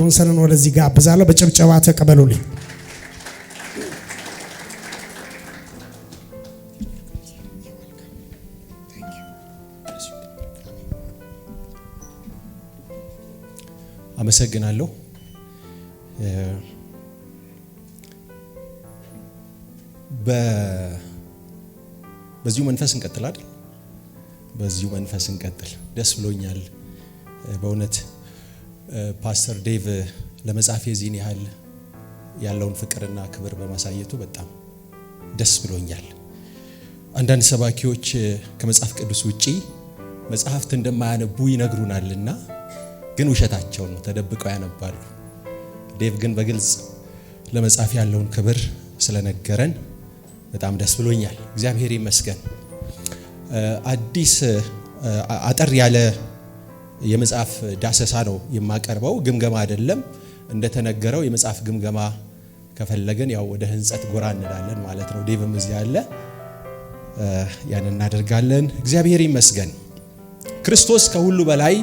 ጆንሰንን ወደዚህ ጋር አብዛለሁ። በጭብጨባ ተቀበሉልኝ። አመሰግናለሁ። በዚሁ መንፈስ እንቀጥል አይደል? በዚሁ መንፈስ እንቀጥል። ደስ ብሎኛል በእውነት ፓስተር ዴቭ ለመጽሐፍ የዚህን ያህል ያለውን ፍቅርና ክብር በማሳየቱ በጣም ደስ ብሎኛል። አንዳንድ ሰባኪዎች ከመጽሐፍ ቅዱስ ውጪ መጽሐፍት እንደማያነቡ ይነግሩናልና ግን ውሸታቸው ነው፣ ተደብቀው ያነባሉ። ዴቭ ግን በግልጽ ለመጽሐፍ ያለውን ክብር ስለነገረን በጣም ደስ ብሎኛል። እግዚአብሔር ይመስገን። አዲስ አጠር ያለ የመጽሐፍ ዳሰሳ ነው የማቀርበው፣ ግምገማ አይደለም። እንደተነገረው የመጽሐፍ ግምገማ ከፈለግን ያው ወደ ሕንጸት ጎራ እንላለን ማለት ነው። ዴቭም እዚህ ያለ ያን እናደርጋለን። እግዚአብሔር ይመስገን። ክርስቶስ ከሁሉ በላይ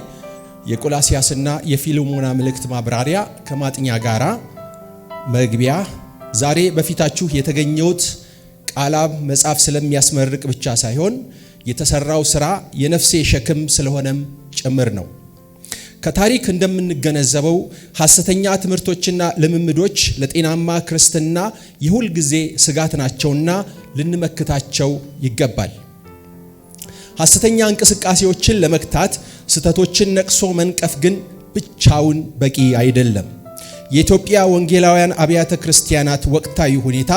የቆላሲያስና የፊልሞና መልእክት ማብራሪያ ከማጥኛ ጋራ መግቢያ ዛሬ በፊታችሁ የተገኘሁት ቃላም መጽሐፍ ስለሚያስመርቅ ብቻ ሳይሆን የተሰራው ስራ የነፍሴ ሸክም ስለሆነም ጭምር ነው። ከታሪክ እንደምንገነዘበው ሐሰተኛ ትምህርቶችና ልምምዶች ለጤናማ ክርስትና የሁል ጊዜ ስጋት ናቸውና ልንመክታቸው ይገባል። ሐሰተኛ እንቅስቃሴዎችን ለመክታት ስህተቶችን ነቅሶ መንቀፍ ግን ብቻውን በቂ አይደለም። የኢትዮጵያ ወንጌላውያን አብያተ ክርስቲያናት ወቅታዊ ሁኔታ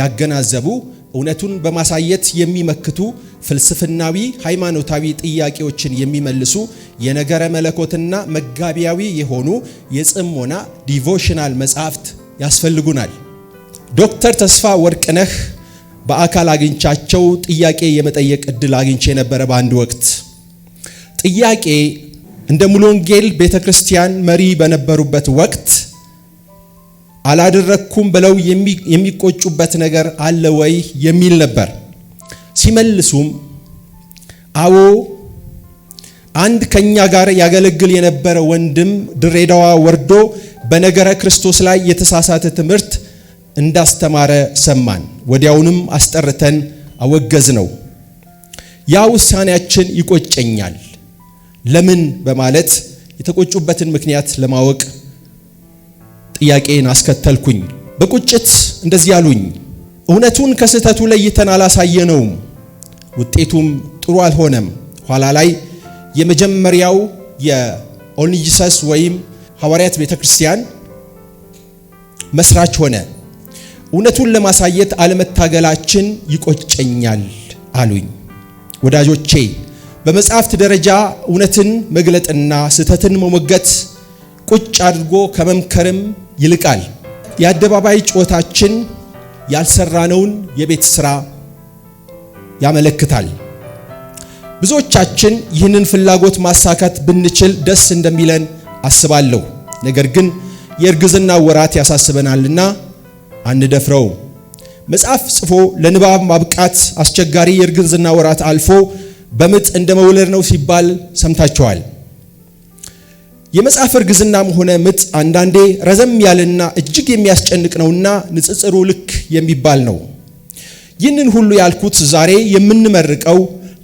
ያገናዘቡ እውነቱን በማሳየት የሚመክቱ ፍልስፍናዊ ሃይማኖታዊ ጥያቄዎችን የሚመልሱ የነገረ መለኮትና መጋቢያዊ የሆኑ የጽሞና ዲቮሽናል መጽሐፍት ያስፈልጉናል። ዶክተር ተስፋ ወርቅነህ በአካል አግኝቻቸው ጥያቄ የመጠየቅ እድል አግኝቼ የነበረ በአንድ ወቅት ጥያቄ እንደ ሙሉ ወንጌል ቤተ ክርስቲያን መሪ በነበሩበት ወቅት አላደረግኩም ብለው የሚቆጩበት ነገር አለ ወይ የሚል ነበር። ሲመልሱም አዎ አንድ ከኛ ጋር ያገለግል የነበረ ወንድም ድሬዳዋ ወርዶ በነገረ ክርስቶስ ላይ የተሳሳተ ትምህርት እንዳስተማረ ሰማን። ወዲያውንም አስጠርተን አወገዝ ነው። ያ ውሳኔያችን ይቆጨኛል። ለምን በማለት የተቆጩበትን ምክንያት ለማወቅ ጥያቄን አስከተልኩኝ። በቁጭት እንደዚህ አሉኝ። እውነቱን ከስህተቱ ለይተን አላሳየነውም። ውጤቱም ጥሩ አልሆነም። ኋላ ላይ የመጀመሪያው የኦኒጂሰስ ወይም ሐዋርያት ቤተ ክርስቲያን መስራች ሆነ። እውነቱን ለማሳየት አለመታገላችን ይቆጨኛል አሉኝ። ወዳጆቼ በመጽሐፍት ደረጃ እውነትን መግለጥና ስህተትን መሞገት ቁጭ አድርጎ ከመምከርም ይልቃል። የአደባባይ ጩኸታችን ያልሰራነውን የቤት ስራ ያመለክታል። ብዙዎቻችን ይህንን ፍላጎት ማሳካት ብንችል ደስ እንደሚለን አስባለሁ። ነገር ግን የእርግዝና ወራት ያሳስበናልና አንደፍረው። መጽሐፍ ጽፎ ለንባብ ማብቃት አስቸጋሪ የእርግዝና ወራት አልፎ በምጥ እንደ መውለድ ነው ሲባል ሰምታችኋል። የመጽሐፍ እርግዝናም ሆነ ምጥ አንዳንዴ ረዘም ያለና እጅግ የሚያስጨንቅ ነውና ንጽጽሩ ልክ የሚባል ነው። ይህንን ሁሉ ያልኩት ዛሬ የምንመርቀው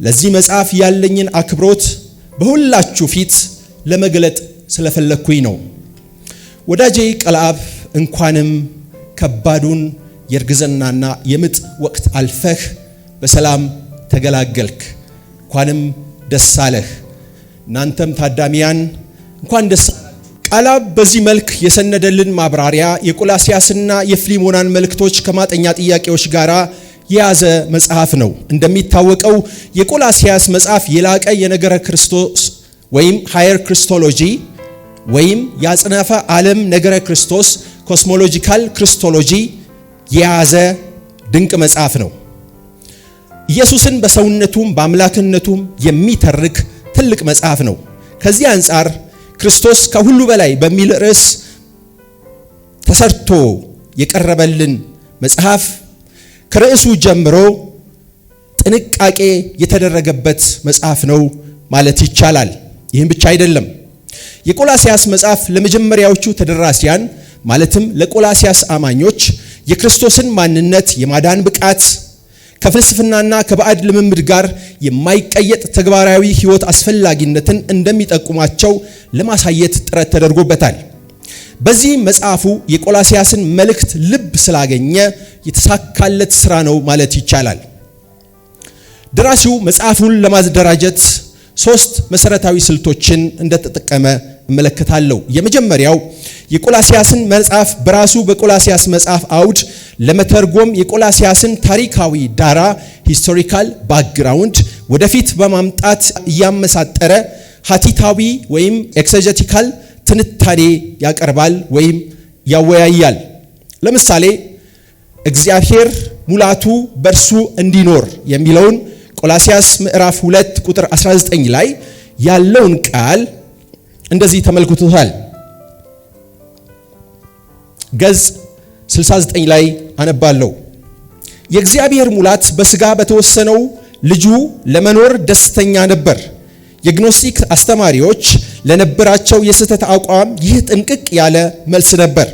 ለዚህ መጽሐፍ ያለኝን አክብሮት በሁላችሁ ፊት ለመግለጥ ስለፈለግኩኝ ነው። ወዳጄ ቀለአብ እንኳንም ከባዱን የእርግዝናና የምጥ ወቅት አልፈህ በሰላም ተገላገልክ። እንኳንም ደስ አለህ። እናንተም ታዳሚያን እንኳን ደስ ቃላ በዚህ መልክ የሰነደልን ማብራሪያ የቆላሲያስና የፍሊሞናን መልእክቶች ከማጠኛ ጥያቄዎች ጋር የያዘ መጽሐፍ ነው። እንደሚታወቀው የቆላሲያስ መጽሐፍ የላቀ የነገረ ክርስቶስ ወይም ሃየር ክርስቶሎጂ ወይም የአጽናፈ ዓለም ነገረ ክርስቶስ ኮስሞሎጂካል ክርስቶሎጂ የያዘ ድንቅ መጽሐፍ ነው። ኢየሱስን በሰውነቱም በአምላክነቱም የሚተርክ ትልቅ መጽሐፍ ነው። ከዚህ አንጻር ክርስቶስ ከሁሉ በላይ በሚል ርዕስ ተሰርቶ የቀረበልን መጽሐፍ ከርዕሱ ጀምሮ ጥንቃቄ የተደረገበት መጽሐፍ ነው ማለት ይቻላል። ይህም ብቻ አይደለም። የቆላሲያስ መጽሐፍ ለመጀመሪያዎቹ ተደራሲያን ማለትም ለቆላሲያስ አማኞች የክርስቶስን ማንነት፣ የማዳን ብቃት ከፍልስፍናና ከባዕድ ልምምድ ጋር የማይቀየጥ ተግባራዊ ሕይወት አስፈላጊነትን እንደሚጠቁማቸው ለማሳየት ጥረት ተደርጎበታል። በዚህ መጽሐፉ የቆላሲያስን መልእክት ልብ ስላገኘ የተሳካለት ስራ ነው ማለት ይቻላል። ደራሲው መጽሐፉን ለማደራጀት ሶስት መሰረታዊ ስልቶችን እንደተጠቀመ እመለከታለሁ። የመጀመሪያው የቆላሲያስን መጽሐፍ በራሱ በቆላሲያስ መጽሐፍ አውድ ለመተርጎም የቆላሲያስን ታሪካዊ ዳራ ሂስቶሪካል ባክግራውንድ ወደፊት በማምጣት እያመሳጠረ ሀቲታዊ ወይም ኤክሰጀቲካል ትንታኔ ያቀርባል ወይም ያወያያል። ለምሳሌ እግዚአብሔር ሙላቱ በእርሱ እንዲኖር የሚለውን ቆላሲያስ ምዕራፍ 2 ቁጥር 19 ላይ ያለውን ቃል እንደዚህ ተመልክቶታል። ገጽ 69 ላይ አነባለሁ። የእግዚአብሔር ሙላት በስጋ በተወሰነው ልጁ ለመኖር ደስተኛ ነበር። የግኖስቲክ አስተማሪዎች ለነበራቸው የስህተት አቋም ይህ ጥንቅቅ ያለ መልስ ነበር።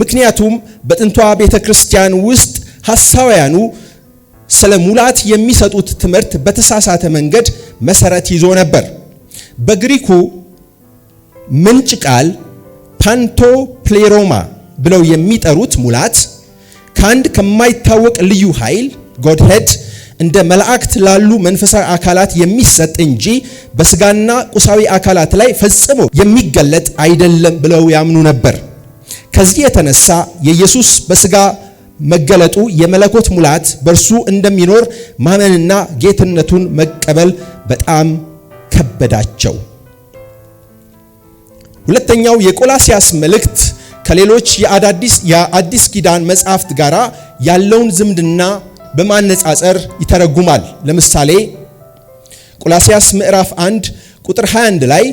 ምክንያቱም በጥንቷ ቤተ ክርስቲያን ውስጥ ሐሳውያኑ ስለ ሙላት የሚሰጡት ትምህርት በተሳሳተ መንገድ መሰረት ይዞ ነበር። በግሪኩ ምንጭ ቃል ፓንቶ ፕሌሮማ ብለው የሚጠሩት ሙላት ከአንድ ከማይታወቅ ልዩ ኃይል ጎድሄድ እንደ መላእክት ላሉ መንፈሳዊ አካላት የሚሰጥ እንጂ በስጋና ቁሳዊ አካላት ላይ ፈጽሞ የሚገለጥ አይደለም ብለው ያምኑ ነበር። ከዚህ የተነሳ የኢየሱስ በስጋ መገለጡ የመለኮት ሙላት በእርሱ እንደሚኖር ማመንና ጌትነቱን መቀበል በጣም ከበዳቸው። ሁለተኛው የቆላሲያስ መልእክት ከሌሎች የአዲስ ኪዳን መጽሐፍት ጋር ያለውን ዝምድና በማነጻጸር ይተረጉማል። ለምሳሌ ቆላሲያስ ምዕራፍ 1 ቁጥር 21 ላይ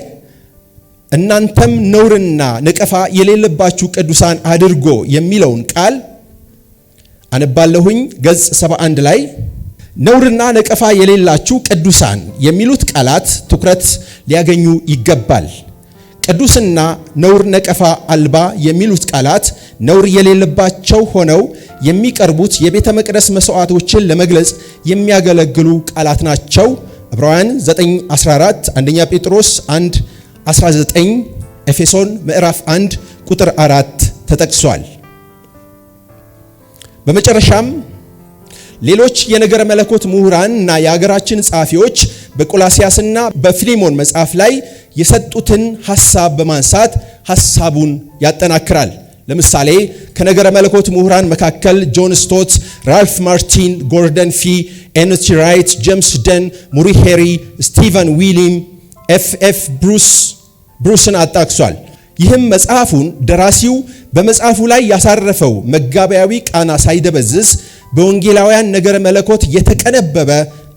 እናንተም ነውርና ነቀፋ የሌለባችሁ ቅዱሳን አድርጎ የሚለውን ቃል አነባለሁኝ። ገጽ 71 ላይ ነውርና ነቀፋ የሌላችሁ ቅዱሳን የሚሉት ቃላት ትኩረት ሊያገኙ ይገባል። ቅዱስና ነውር ነቀፋ አልባ የሚሉት ቃላት ነውር የሌለባቸው ሆነው የሚቀርቡት የቤተ መቅደስ መስዋዕቶችን ለመግለጽ የሚያገለግሉ ቃላት ናቸው። ዕብራውያን 9:14፣ አንደኛ ጴጥሮስ 1:19፣ ኤፌሶን ምዕራፍ 1 ቁጥር 4 ተጠቅሷል። በመጨረሻም ሌሎች የነገረ መለኮት ምሁራን እና የሀገራችን ጸሐፊዎች በቆላሲያስና በፊሊሞን መጽሐፍ ላይ የሰጡትን ሐሳብ በማንሳት ሐሳቡን ያጠናክራል። ለምሳሌ ከነገረ መለኮት ምሁራን መካከል ጆን ስቶት፣ ራልፍ ማርቲን፣ ጎርደን ፊ፣ ኤንቲ ራይት፣ ጄምስ ደን፣ ሙሪ ሄሪ፣ ስቲቨን ዊሊም፣ ኤፍ ኤፍ ብሩስን አጣቅሷል። ይህም መጽሐፉን ደራሲው በመጽሐፉ ላይ ያሳረፈው መጋቢያዊ ቃና ሳይደበዝዝ በወንጌላውያን ነገረ መለኮት የተቀነበበ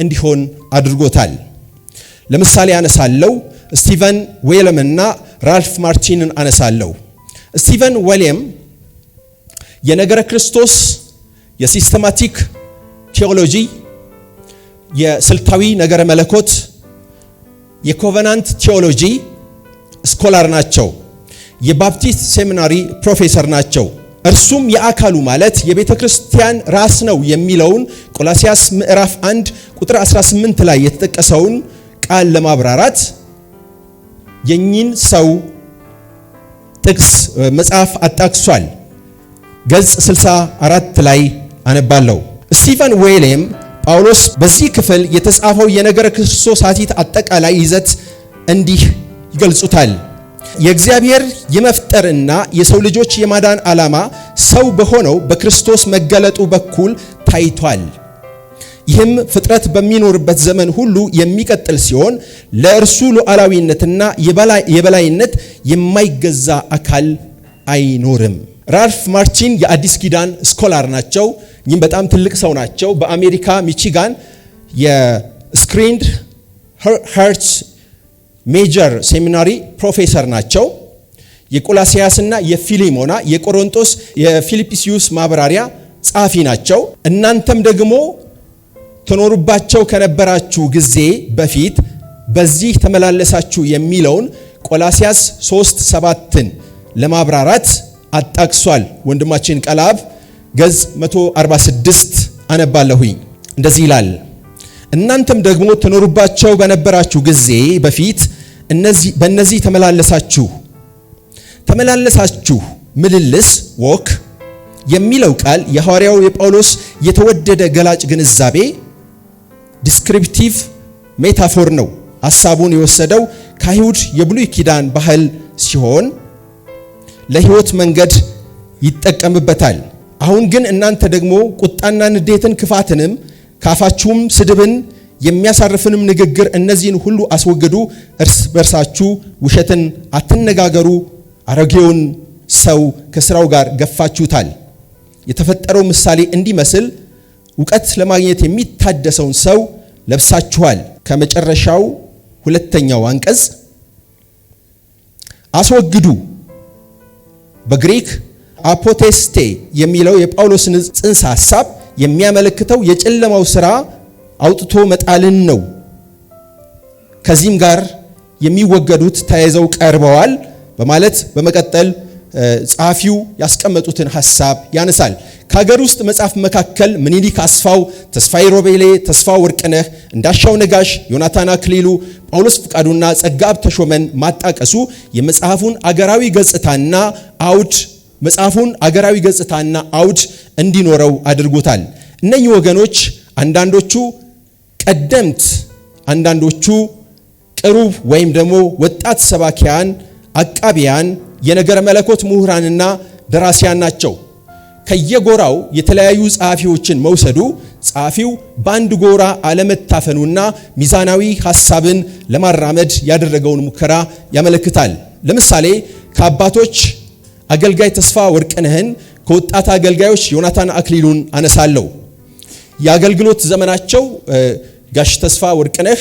እንዲሆን አድርጎታል። ለምሳሌ አነሳለው ስቲቨን ና ራልፍ ማርቲንን አነሳለው። ስቲቨን ዌሌም የነገረ ክርስቶስ የሲስተማቲክ ቴዎሎጂ የስልታዊ ነገረ መለኮት የኮቨናንት ቴዎሎጂ ስኮላር ናቸው። የባፕቲስት ሴሚናሪ ፕሮፌሰር ናቸው። እርሱም የአካሉ ማለት የቤተ ክርስቲያን ራስ ነው የሚለውን ቆላሲያስ ምዕራፍ 1 ቁጥር 18 ላይ የተጠቀሰውን ቃል ለማብራራት የኚህን ሰው ጥቅስ መጽሐፍ አጣቅሷል። ገጽ 64 ላይ አነባለሁ። ስቲቨን ዌሌም ጳውሎስ በዚህ ክፍል የተጻፈው የነገረ ክርስቶስ ሐቲት አጠቃላይ ይዘት እንዲህ ይገልጹታል። የእግዚአብሔር የመፍጠርና የሰው ልጆች የማዳን ዓላማ ሰው በሆነው በክርስቶስ መገለጡ በኩል ታይቷል። ይህም ፍጥረት በሚኖርበት ዘመን ሁሉ የሚቀጥል ሲሆን ለእርሱ ሉዓላዊነትና የበላይነት የማይገዛ አካል አይኖርም። ራልፍ ማርቲን የአዲስ ኪዳን ስኮላር ናቸው። ይህም በጣም ትልቅ ሰው ናቸው። በአሜሪካ ሚቺጋን የስክሪንድ ሄርትስ ሜጀር ሴሚናሪ ፕሮፌሰር ናቸው። የቆላሲያስና የፊሊሞና የቆሮንቶስ የፊልጵስዩስ ማብራሪያ ጸሐፊ ናቸው። እናንተም ደግሞ ትኖሩባቸው ከነበራችሁ ጊዜ በፊት በዚህ ተመላለሳችሁ የሚለውን ቆላሲያስ 3 ሰባትን ለማብራራት አጣቅሷል። ወንድማችን ቀላብ ገጽ 146 አነባለሁኝ። እንደዚህ ይላል እናንተም ደግሞ ትኖሩባቸው በነበራችሁ ጊዜ በፊት እነዚህ በእነዚህ ተመላለሳችሁ ተመላለሳችሁ ምልልስ ወክ የሚለው ቃል የሐዋርያው የጳውሎስ የተወደደ ገላጭ ግንዛቤ ዲስክሪፕቲቭ ሜታፎር ነው። ሐሳቡን የወሰደው ከአይሁድ የብሉይ ኪዳን ባህል ሲሆን ለሕይወት መንገድ ይጠቀምበታል። አሁን ግን እናንተ ደግሞ ቁጣና ንዴትን፣ ክፋትንም ከአፋችሁም ስድብን የሚያሳርፍንም ንግግር እነዚህን ሁሉ አስወግዱ። እርስ በርሳችሁ ውሸትን አትነጋገሩ፣ አሮጌውን ሰው ከስራው ጋር ገፋችሁታል። የተፈጠረው ምሳሌ እንዲመስል እውቀት ለማግኘት የሚታደሰውን ሰው ለብሳችኋል። ከመጨረሻው ሁለተኛው አንቀጽ አስወግዱ በግሪክ አፖቴስቴ የሚለው የጳውሎስን ጽንሰ ሐሳብ የሚያመለክተው የጨለማው ስራ አውጥቶ መጣልን ነው። ከዚህም ጋር የሚወገዱት ተያይዘው ቀርበዋል በማለት በመቀጠል ጸሐፊው ያስቀመጡትን ሐሳብ ያነሳል። ከሀገር ውስጥ መጽሐፍ መካከል ምኒሊክ አስፋው፣ ተስፋዬ ሮቤሌ፣ ተስፋ ወርቅነህ፣ እንዳሻው ነጋሽ፣ ዮናታን አክሊሉ፣ ጳውሎስ ፍቃዱና ጸጋብ ተሾመን ማጣቀሱ የመጽሐፉን አገራዊ ገጽታና አውድ መጽሐፉን አገራዊ ገጽታና አውድ እንዲኖረው አድርጎታል። እነኚህ ወገኖች አንዳንዶቹ ቀደምት አንዳንዶቹ ቅሩብ ወይም ደግሞ ወጣት ሰባኪያን፣ አቃቢያን፣ የነገረ መለኮት ምሁራንና ደራሲያን ናቸው። ከየጎራው የተለያዩ ጸሐፊዎችን መውሰዱ ጸሐፊው በአንድ ጎራ አለመታፈኑና ሚዛናዊ ሐሳብን ለማራመድ ያደረገውን ሙከራ ያመለክታል። ለምሳሌ ከአባቶች አገልጋይ ተስፋ ወርቅነህን ከወጣት አገልጋዮች ዮናታን አክሊሉን አነሳለሁ። የአገልግሎት ዘመናቸው ጋሽ ተስፋ ወርቅነህ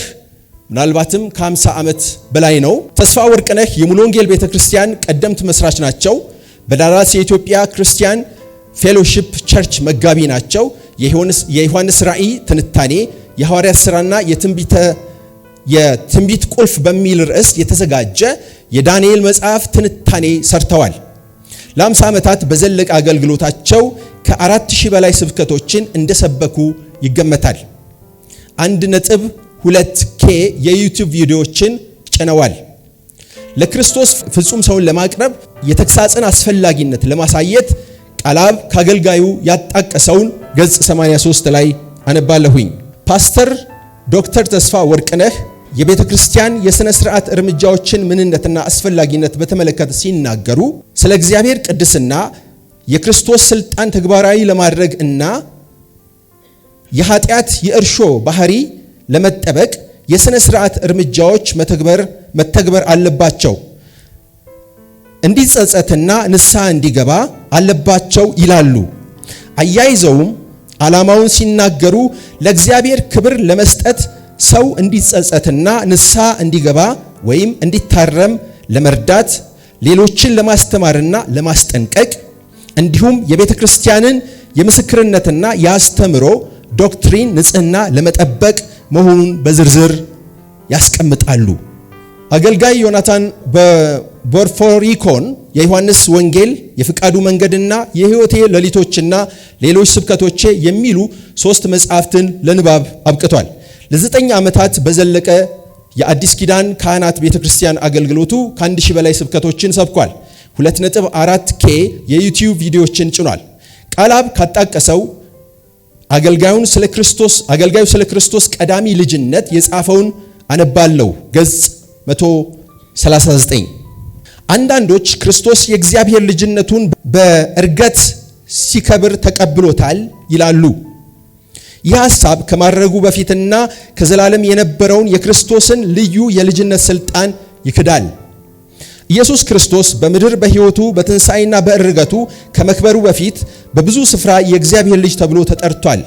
ምናልባትም ከ50 ዓመት በላይ ነው። ተስፋ ወርቅነህ የሙሉ ወንጌል ቤተ ክርስቲያን ቀደምት መስራች ናቸው። በዳላስ የኢትዮጵያ ክርስቲያን ፌሎሺፕ ቸርች መጋቢ ናቸው። የዮሐንስ ራእይ ትንታኔ፣ የሐዋርያት ሥራና የትንቢት ቁልፍ በሚል ርዕስ የተዘጋጀ የዳንኤል መጽሐፍ ትንታኔ ሰርተዋል። ለ50 ዓመታት በዘለቀ አገልግሎታቸው ከአራት ሺህ በላይ ስብከቶችን እንደሰበኩ ይገመታል። አንድ ነጥብ ሁለት ኬ የዩቲዩብ ቪዲዮዎችን ጭነዋል። ለክርስቶስ ፍጹም ሰውን ለማቅረብ የተግሳጽን አስፈላጊነት ለማሳየት ቃላብ ከአገልጋዩ ያጣቀሰውን ገጽ 83 ላይ አነባለሁኝ። ፓስተር ዶክተር ተስፋ ወርቅነህ የቤተ ክርስቲያን የሥነ ሥርዓት እርምጃዎችን ምንነትና አስፈላጊነት በተመለከተ ሲናገሩ ስለ እግዚአብሔር ቅድስና የክርስቶስ ስልጣን ተግባራዊ ለማድረግ እና የኃጢአት የእርሾ ባህሪ ለመጠበቅ የሥነ ሥርዓት እርምጃዎች መተግበር አለባቸው እንዲጸጸትና ንስሐ እንዲገባ አለባቸው ይላሉ። አያይዘውም ዓላማውን ሲናገሩ ለእግዚአብሔር ክብር ለመስጠት ሰው እንዲጸጸትና ንስሐ እንዲገባ ወይም እንዲታረም ለመርዳት ሌሎችን ለማስተማርና ለማስጠንቀቅ እንዲሁም የቤተ ክርስቲያንን የምስክርነትና የአስተምሮ ዶክትሪን ንጽህና ለመጠበቅ መሆኑን በዝርዝር ያስቀምጣሉ። አገልጋይ ዮናታን በቦርፎሪኮን የዮሐንስ ወንጌል፣ የፍቃዱ መንገድና የሕይወቴ ሌሊቶችና ሌሎች ስብከቶቼ የሚሉ ሶስት መጽሐፍትን ለንባብ አብቅቷል። ለዘጠኝ ዓመታት በዘለቀ የአዲስ ኪዳን ካህናት ቤተ ክርስቲያን አገልግሎቱ ከአንድ ሺህ በላይ ስብከቶችን ሰብኳል። 2.4 ኬ የዩቲዩብ ቪዲዮዎችን ጭኗል። ቃላብ ካጣቀሰው አገልጋዩን ስለ ክርስቶስ አገልጋዩ ስለ ክርስቶስ ቀዳሚ ልጅነት የጻፈውን አነባለው ገጽ 139 አንዳንዶች ክርስቶስ የእግዚአብሔር ልጅነቱን በእርገት ሲከብር ተቀብሎታል ይላሉ። ይህ ሐሳብ ከማድረጉ በፊትና ከዘላለም የነበረውን የክርስቶስን ልዩ የልጅነት ስልጣን ይክዳል። ኢየሱስ ክርስቶስ በምድር በሕይወቱ በትንሣኤና በእርገቱ ከመክበሩ በፊት በብዙ ስፍራ የእግዚአብሔር ልጅ ተብሎ ተጠርቷል።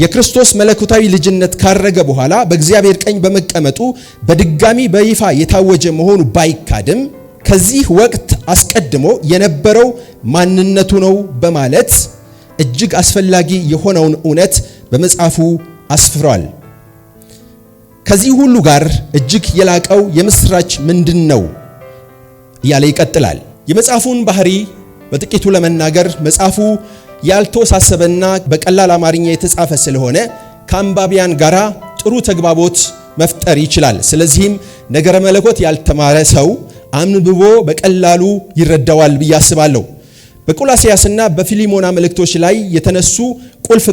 የክርስቶስ መለኮታዊ ልጅነት ካረገ በኋላ በእግዚአብሔር ቀኝ በመቀመጡ በድጋሚ በይፋ የታወጀ መሆኑ ባይካድም ከዚህ ወቅት አስቀድሞ የነበረው ማንነቱ ነው በማለት እጅግ አስፈላጊ የሆነውን እውነት በመጽሐፉ አስፍሯል። ከዚህ ሁሉ ጋር እጅግ የላቀው የምስራች ምንድን ነው? እያለ ይቀጥላል። የመጽሐፉን ባህሪ በጥቂቱ ለመናገር መጽሐፉ ያልተወሳሰበና በቀላል አማርኛ የተጻፈ ስለሆነ ከአንባቢያን ጋራ ጥሩ ተግባቦት መፍጠር ይችላል። ስለዚህም ነገረ መለኮት ያልተማረ ሰው አንብቦ በቀላሉ ይረዳዋል ብዬ አስባለሁ። በቆላሲያስና በፊሊሞና መልእክቶች ላይ የተነሱ ቁልፍ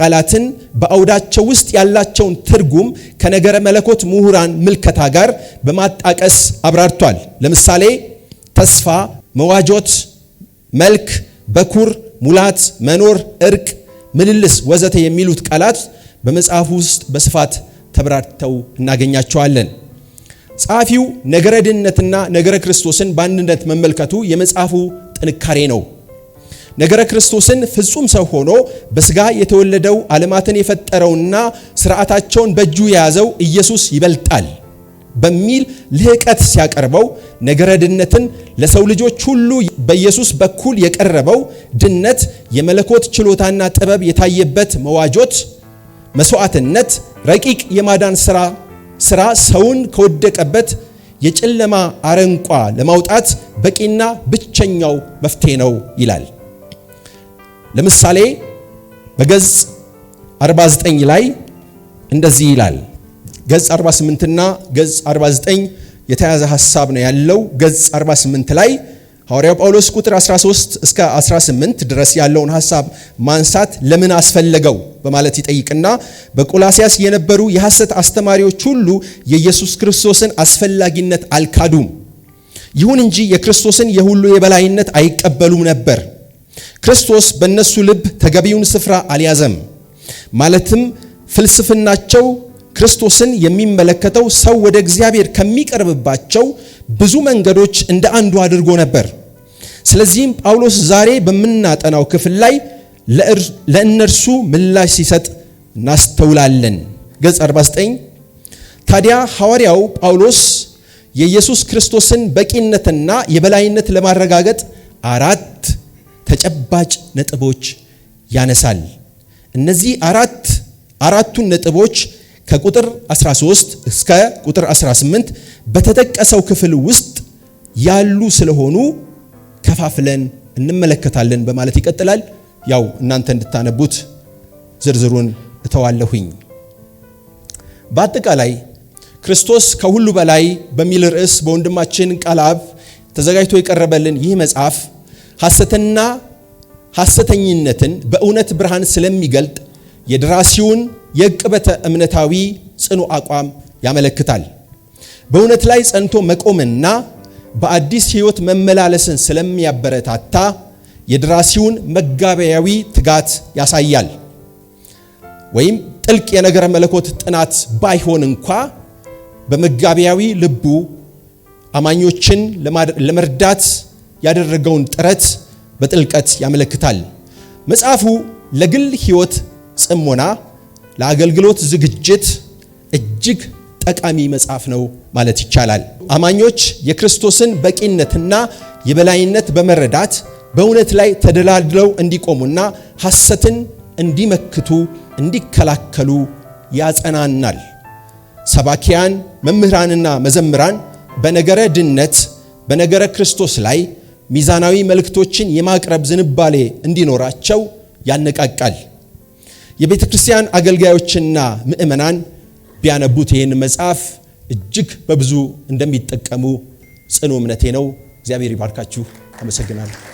ቃላትን በአውዳቸው ውስጥ ያላቸውን ትርጉም ከነገረ መለኮት ምሁራን ምልከታ ጋር በማጣቀስ አብራርቷል። ለምሳሌ ተስፋ፣ መዋጆት፣ መልክ፣ በኩር፣ ሙላት፣ መኖር፣ እርቅ፣ ምልልስ ወዘተ የሚሉት ቃላት በመጽሐፉ ውስጥ በስፋት ተብራርተው እናገኛቸዋለን። ጸሐፊው ነገረ ድህነትና ነገረ ክርስቶስን በአንድነት መመልከቱ የመጽሐፉ ጥንካሬ ነው። ነገረ ክርስቶስን ፍጹም ሰው ሆኖ በስጋ የተወለደው ዓለማትን የፈጠረውና ስርዓታቸውን በእጁ የያዘው ኢየሱስ ይበልጣል በሚል ልህቀት ሲያቀርበው ነገረ ድነትን ለሰው ልጆች ሁሉ በኢየሱስ በኩል የቀረበው ድነት የመለኮት ችሎታና ጥበብ የታየበት መዋጆት፣ መስዋዕትነት፣ ረቂቅ የማዳን ስራ ስራ ሰውን ከወደቀበት የጨለማ አረንቋ ለማውጣት በቂና ብቸኛው መፍትሄ ነው ይላል። ለምሳሌ በገጽ 49 ላይ እንደዚህ ይላል። ገጽ 48 እና ገጽ 49 የተያዘ ሐሳብ ነው ያለው። ገጽ 48 ላይ ሐዋርያው ጳውሎስ ቁጥር 13 እስከ 18 ድረስ ያለውን ሐሳብ ማንሳት ለምን አስፈለገው በማለት ይጠይቅና በቆላሲያስ የነበሩ የሐሰት አስተማሪዎች ሁሉ የኢየሱስ ክርስቶስን አስፈላጊነት አልካዱም። ይሁን እንጂ የክርስቶስን የሁሉ የበላይነት አይቀበሉም ነበር። ክርስቶስ በእነሱ ልብ ተገቢውን ስፍራ አልያዘም። ማለትም ፍልስፍናቸው ክርስቶስን የሚመለከተው ሰው ወደ እግዚአብሔር ከሚቀርብባቸው ብዙ መንገዶች እንደ አንዱ አድርጎ ነበር። ስለዚህም ጳውሎስ ዛሬ በምናጠናው ክፍል ላይ ለእነርሱ ምላሽ ሲሰጥ እናስተውላለን። ገጽ 49 ታዲያ ሐዋርያው ጳውሎስ የኢየሱስ ክርስቶስን በቂነትና የበላይነት ለማረጋገጥ አራት ተጨባጭ ነጥቦች ያነሳል። እነዚህ አራት አራቱን ነጥቦች ከቁጥር 13 እስከ ቁጥር 18 በተጠቀሰው ክፍል ውስጥ ያሉ ስለሆኑ ከፋፍለን እንመለከታለን በማለት ይቀጥላል። ያው እናንተ እንድታነቡት ዝርዝሩን እተዋለሁኝ። በአጠቃላይ ክርስቶስ ከሁሉ በላይ በሚል ርዕስ በወንድማችን ቃልአብ ተዘጋጅቶ የቀረበልን ይህ መጽሐፍ ሐሰትና ሐሰተኝነትን በእውነት ብርሃን ስለሚገልጥ የደራሲውን የቅበተ እምነታዊ ጽኑ አቋም ያመለክታል። በእውነት ላይ ጸንቶ መቆምና በአዲስ ሕይወት መመላለስን ስለሚያበረታታ የደራሲውን መጋቢያዊ ትጋት ያሳያል። ወይም ጥልቅ የነገረ መለኮት ጥናት ባይሆን እንኳ በመጋቢያዊ ልቡ አማኞችን ለመርዳት ያደረገውን ጥረት በጥልቀት ያመለክታል። መጽሐፉ ለግል ሕይወት ጽሞና፣ ለአገልግሎት ዝግጅት እጅግ ጠቃሚ መጽሐፍ ነው ማለት ይቻላል። አማኞች የክርስቶስን በቂነትና የበላይነት በመረዳት በእውነት ላይ ተደላድለው እንዲቆሙና ሐሰትን እንዲመክቱ፣ እንዲከላከሉ ያጸናናል። ሰባኪያን መምህራንና መዘምራን በነገረ ድነት በነገረ ክርስቶስ ላይ ሚዛናዊ መልእክቶችን የማቅረብ ዝንባሌ እንዲኖራቸው ያነቃቃል። የቤተ ክርስቲያን አገልጋዮችና ምእመናን ቢያነቡት ይህን መጽሐፍ እጅግ በብዙ እንደሚጠቀሙ ጽኑ እምነቴ ነው። እግዚአብሔር ይባርካችሁ። አመሰግናለሁ።